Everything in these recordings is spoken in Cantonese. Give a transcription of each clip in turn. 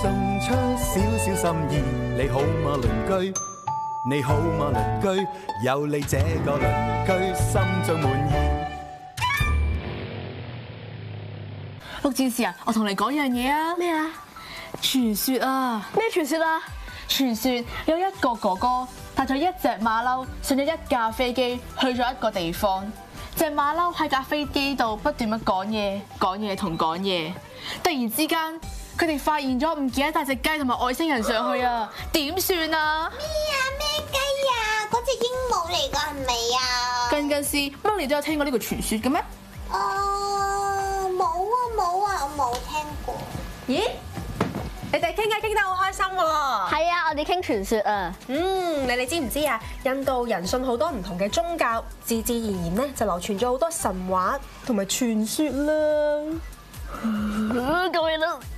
送出少少心意，你好嗎鄰居？你好嗎鄰居？有你這個鄰居，心中滿意。陸戰士啊，我同你講樣嘢啊。咩啊？傳說啊？咩傳說啊？傳說有一個哥哥帶咗一隻馬騮，上咗一架飛機去咗一個地方。隻馬騮喺架飛機度不斷咁講嘢，講嘢同講嘢。突然之間。佢哋發現咗唔記得帶隻雞同埋外星人上去啊！點算啊？咩啊？咩雞啊？嗰隻鸚鵡嚟㗎係咪啊？近近是，乜你都有聽過呢個傳說嘅咩？哦，冇啊冇啊，我冇聽過。咦？你哋傾偈傾得好開心喎！係啊，我哋傾傳說啊。嗯，你哋知唔知啊？印度人信好多唔同嘅宗教，自自然然咧就流傳咗好多神話同埋傳說啦。咁樣啦～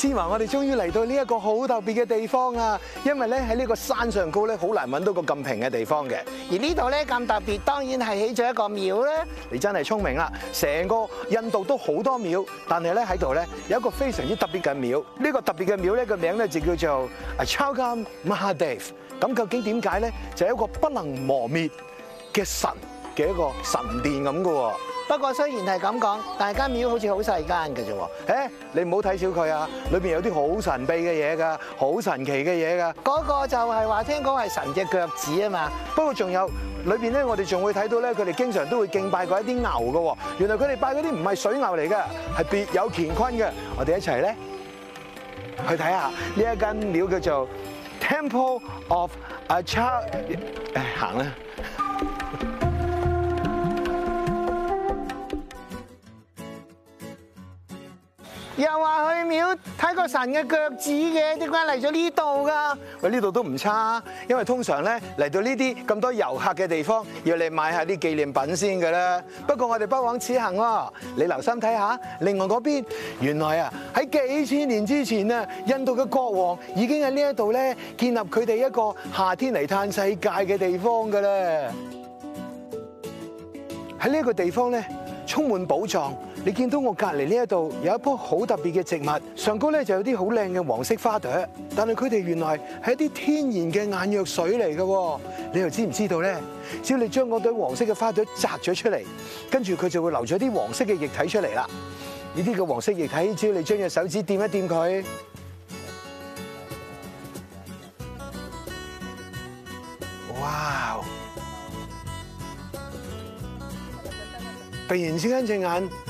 芝蔴我哋終於嚟到呢一個好特別嘅地方啊！因為咧喺呢個山上高咧，好難搵到個咁平嘅地方嘅。而呢度咧咁特別，當然係起咗一個廟咧。你真係聰明啦！成個印度都好多廟，但係咧喺度咧有一個非常之特別嘅廟。呢個特別嘅廟咧個名咧就叫做啊，Chhagan Mahadev。咁究竟點解咧？就係、是、一個不能磨滅嘅神嘅一個神殿咁嘅喎。不過雖然係咁講，但係間廟好似好細間嘅啫喎。誒，你唔好睇小佢啊！裏邊有啲好神秘嘅嘢㗎，好神奇嘅嘢㗎。嗰個就係話聽講係神隻腳趾啊嘛。不過仲有裏邊咧，裡面我哋仲會睇到咧，佢哋經常都會敬拜過一啲牛嘅。原來佢哋拜嗰啲唔係水牛嚟㗎，係別有乾坤嘅。我哋一齊咧去睇下呢一間廟叫做 Temple of Achal 誒，行啦。又話去廟睇個神嘅腳趾嘅，點解嚟咗呢度㗎？喂，呢度都唔差，因為通常咧嚟到呢啲咁多遊客嘅地方，要你買下啲紀念品先㗎啦。不過我哋不枉此行啊，你留心睇下，另外嗰邊原來啊喺幾千年之前啊，印度嘅國王已經喺呢一度咧建立佢哋一個夏天嚟嘆世界嘅地方㗎啦。喺呢一個地方咧，充滿寶藏。你見到我隔離呢一度有一棵好特別嘅植物，上高咧就有啲好靚嘅黃色花朵，但係佢哋原來係一啲天然嘅眼藥水嚟嘅。你又知唔知道咧？只要你將嗰朵黃色嘅花朵摘咗出嚟，跟住佢就會留咗啲黃色嘅液體出嚟啦。呢啲嘅黃色液體，只要你將隻手指掂一掂，佢，哇！突然之間隻眼～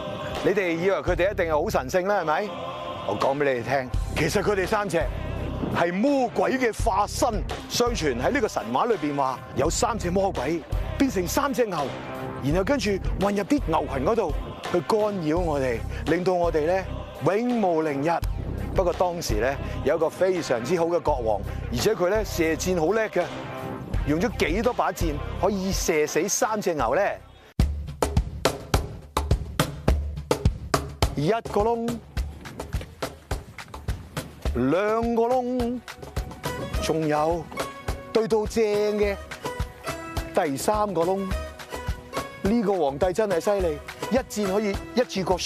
你哋以為佢哋一定係好神聖啦，係咪？我講俾你哋聽，其實佢哋三隻係魔鬼嘅化身。相傳喺呢個神話裏面話，有三隻魔鬼變成三隻牛，然後跟住混入啲牛群嗰度去干擾我哋，令到我哋咧永無寧日。不過當時咧有一個非常之好嘅國王，而且佢咧射箭好叻嘅，用咗幾多把箭可以射死三隻牛咧？一個窿，兩個窿，仲有對到正嘅第三個窿。呢個皇帝真係犀利，一箭可以一次過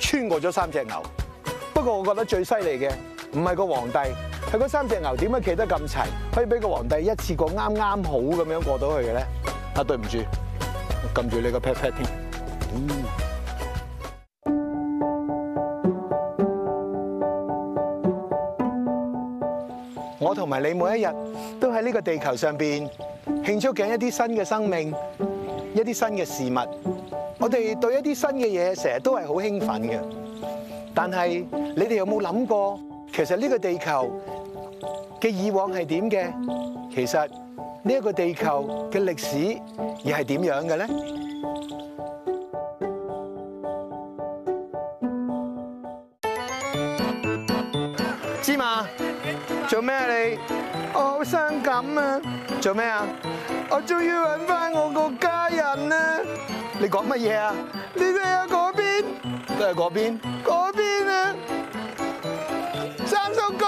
穿過咗三隻牛。不過我覺得最犀利嘅唔係個皇帝，係嗰三隻牛，點解企得咁齊，可以俾個皇帝一次過啱啱好咁樣過到去嘅咧？啊，對唔住，撳住你個 pat pat 添。同埋你每一日都喺呢個地球上邊慶祝緊一啲新嘅生命，一啲新嘅事物。我哋對一啲新嘅嘢，成日都係好興奮嘅。但係你哋有冇諗過，其實呢個地球嘅以往係點嘅？其實呢一個地球嘅歷史而係點樣嘅咧？做咩啊？我終於揾翻我個家人啊！你講乜嘢啊？你哋喺嗰邊，都係嗰邊，嗰邊啊！三叔公、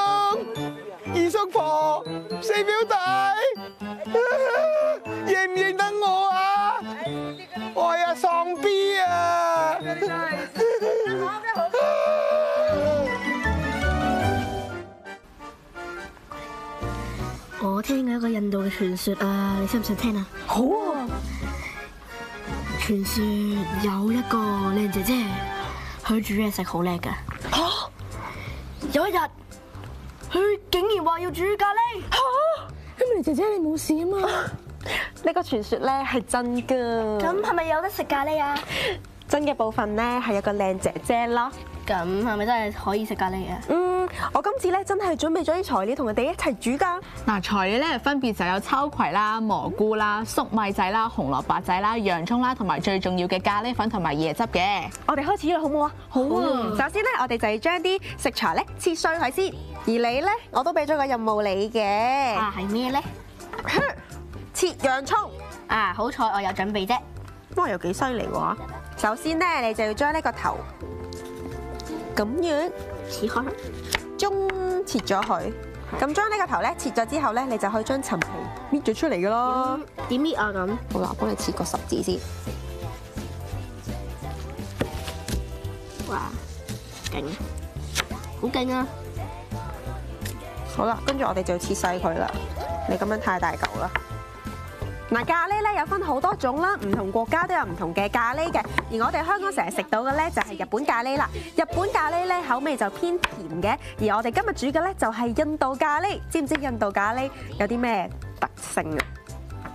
二叔婆、四表弟。聽過一個印度嘅傳說啊，你想唔想聽啊？好啊！傳說有一個靚姐姐，佢煮嘢食好叻噶。吓！有一日，佢竟然話要煮咖喱。吓、啊！咁你姐姐你冇事啊嘛？呢、呢個傳說咧係真噶。咁係咪有得食咖喱啊？真嘅部分咧係有個靚姐姐咯。咁係咪真係可以食咖喱嘅？嗯，我今次咧真係準備咗啲材料同佢哋一齊煮㗎。嗱，材料咧分別就有秋葵啦、蘑菇啦、粟米仔啦、紅蘿蔔仔啦、洋葱啦，同埋最重要嘅咖喱粉同埋椰汁嘅。我哋開始啦，好唔好啊？好啊！首先咧，我哋就係將啲食材咧切碎佢先。而你咧，我都俾咗個任務你嘅。啊，係咩咧？切洋葱啊！好彩我有準備啫。哇，又幾犀利喎！首先咧，你就要將呢個頭。咁樣，切開，中切咗佢，咁將呢個頭咧切咗之後咧，你就可以將層皮搣咗出嚟噶咯。點搣啊？咁好啦，我幫你切個十字先。哇，勁，啊、好勁啊！好啦，跟住我哋就切細佢啦。你咁樣太大嚿啦。嗱，咖喱咧有分好多種啦，唔同國家都有唔同嘅咖喱嘅。而我哋香港成日食到嘅咧就係日本咖喱啦。日本咖喱咧口味就偏甜嘅，而我哋今日煮嘅咧就係印度咖喱。知唔知印度咖喱有啲咩特性啊？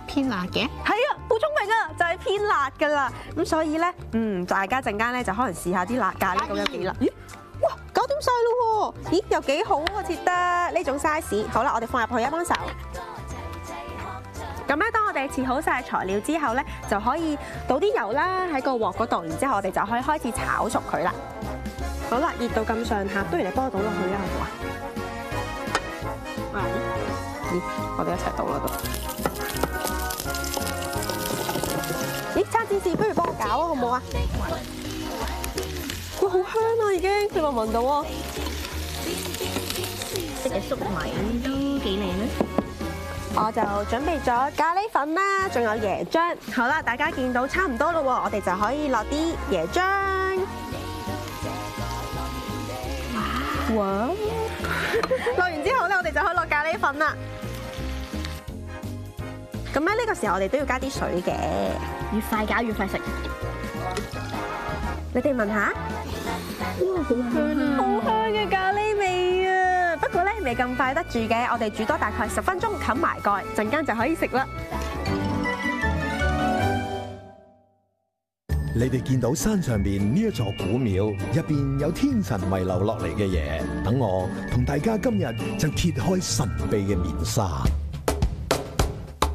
偏辣嘅。係啊，好聰明啊，就係、是、偏辣噶啦。咁所以咧，嗯，大家陣間咧就可能試下啲辣咖喱咁有幾辣。咦，哇，搞掂晒嘞喎！咦，又幾好啊，切得呢種 size。好啦，我哋放入去一幫手。咁我哋切好晒材料之後咧，就可以倒啲油啦喺個鑊嗰度，然之後我哋就可以開始炒熟佢啦。好啦，熱到咁上下，不如你幫我倒落去啦，好唔好啊？喂，咦，我哋一齊倒啦度。咦，叉子士不如幫我搞啊，好唔好啊？哇，好香啊，已經，你有冇聞到啊？嘅粟米都幾靚咧。我就準備咗咖喱粉啦，仲有椰漿。好啦，大家見到差唔多咯喎，我哋就可以落啲椰漿。哇！落完之後咧，我哋就可以落咖喱粉啦。咁咧呢個時候，我哋都要加啲水嘅。越快搞越快食。你哋聞下。哇！好香，好香嘅咖喱味。未咁快得住嘅，我哋煮多大概十分鐘，冚埋蓋，陣間就可以食啦。你哋見到山上邊呢一座古廟，入邊有天神遺留落嚟嘅嘢，等我同大家今日就揭開神秘嘅面紗。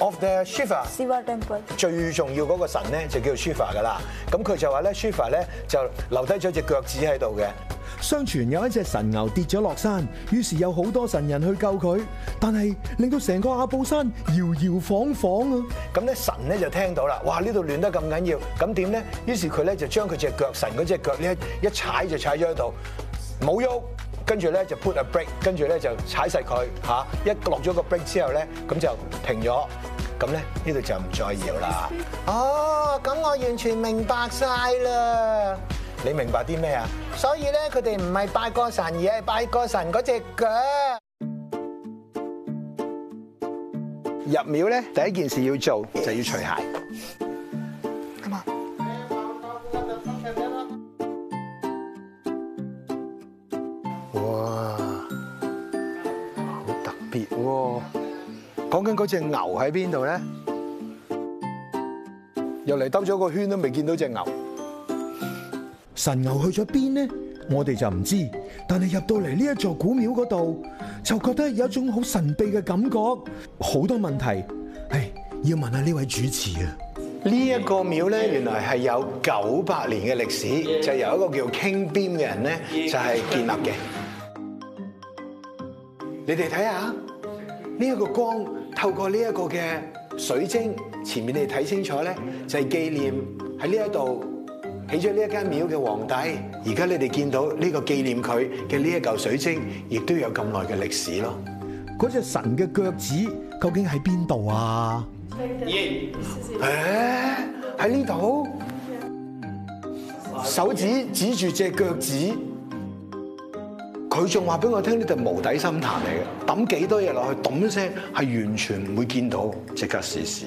of the Shiva temple 最重要嗰個神咧就叫做 Shiva 噶啦，咁佢就話咧 Shiva 咧就留低咗隻腳趾喺度嘅。相傳有一隻神牛跌咗落山，於是有好多神人去救佢，但係令到成個阿布山搖搖晃晃啊！咁咧神咧就聽到啦，哇呢度亂得咁緊要，咁點咧？於是佢咧就將佢隻腳神嗰隻腳咧一踩就踩咗喺度，冇喐。跟住咧就 put a break，跟住咧就踩晒佢嚇，一落咗個 break 之後咧，咁就停咗，咁咧呢度就唔再搖啦。哦，咁我完全明白晒啦。你明白啲咩啊？所以咧，佢哋唔係拜個神，而係拜個神嗰隻腳。入廟咧，第一件事要做就要除鞋。嗰隻牛喺邊度咧？又嚟兜咗個圈，都未見到隻牛。神牛去咗邊呢？我哋就唔知。但係入到嚟呢一座古廟嗰度，就覺得有一種好神秘嘅感覺，好多問題。唉，要問下呢位主持啊。呢一個廟咧，原來係有九百年嘅歷史，就由一個叫 King Bim 嘅人咧，就係建立嘅。你哋睇下呢一個光。透過呢一個嘅水晶，前面你哋睇清楚咧，就係紀念喺呢一度起咗呢一間廟嘅皇帝。而家你哋見到呢個紀念佢嘅呢一嚿水晶，亦都有咁耐嘅歷史咯。嗰隻神嘅腳趾究竟喺邊度啊？耶！喺呢度，手指指住隻腳趾。佢仲話俾我聽呢度無底深潭嚟嘅，抌幾多嘢落去，咚一聲係完全唔會見到，即刻試試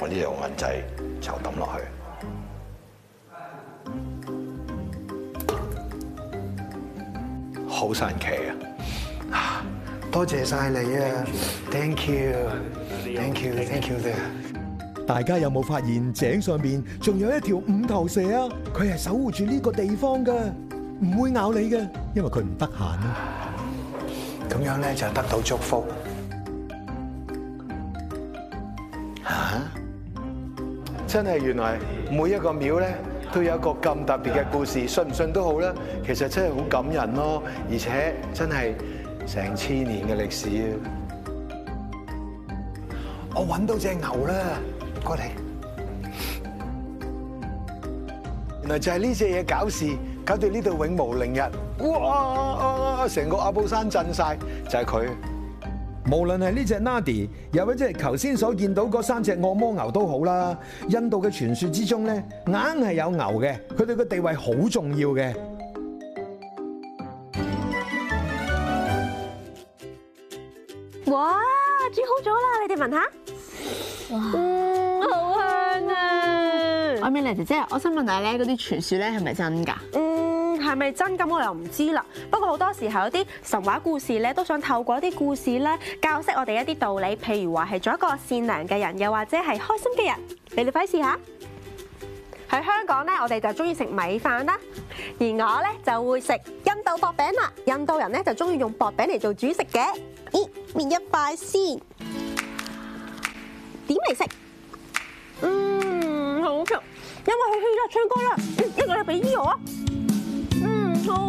我呢對銀仔就抌落去，好神奇啊！多謝晒你啊，Thank you，Thank you，Thank you。謝謝謝謝大家大家有冇發現井上面仲有一條五頭蛇啊？佢係守護住呢個地方㗎。唔會咬你嘅，因為佢唔得閒啦。咁樣咧就得到祝福。嚇！真係原來每一個廟咧都有一個咁特別嘅故事，信唔信都好啦。其實真係好感人咯，而且真係成千年嘅歷史啊！我揾到隻牛啦，過嚟。原來就係呢隻嘢搞事。搞到呢度永無寧日，哇！成個阿布山震晒，就係佢。無論係呢隻 Nadi，又或者係頭先所見到嗰三隻惡魔牛都好啦。印度嘅傳説之中咧，硬係有牛嘅，佢哋嘅地位好重要嘅。哇！煮好咗啦，你哋聞，聞下、嗯。哇，好香啊香！愛美麗姐姐，我想問下咧，嗰啲傳説咧係咪真㗎？係咪真咁？我又唔知啦。不過好多時候有啲神話故事咧，都想透過一啲故事咧，教識我哋一啲道理。譬如話係做一個善良嘅人，又或者係開心嘅人。你哋快試下。喺香港咧，我哋就中意食米飯啦。而我咧就會食印度薄餅啦。印度人咧就中意用薄餅嚟做主食嘅。咦？面一塊先？點嚟食？嗯，好食，因有冇去唱啦？唱歌啦！一個咧俾我啊！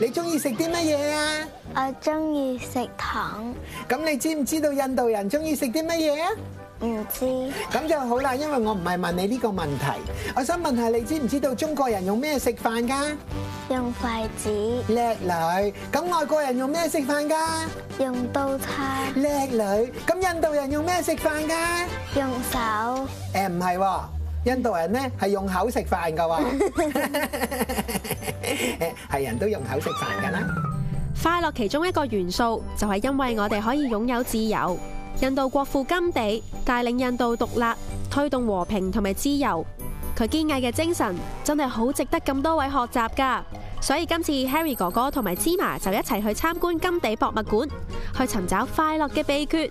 你中意食啲乜嘢啊？我中意食糖。咁你知唔知道印度人中意食啲乜嘢啊？唔知。咁就好啦，因為我唔係問你呢個問題，我想問下你知唔知道中國人用咩食飯㗎？用筷子。叻女。咁外國人用咩食飯㗎？用刀叉。叻女。咁印度人用咩食飯㗎？用手。誒唔係喎。印度人呢，係用口食飯噶喎，係人都用口食飯噶啦。快樂其中一個元素就係因為我哋可以擁有自由。印度國父甘地帶領印度獨立，推動和平同埋自由。佢堅毅嘅精神真係好值得咁多位學習噶。所以今次 Harry 哥哥同埋芝麻就一齊去參觀甘地博物館，去尋找快樂嘅秘訣。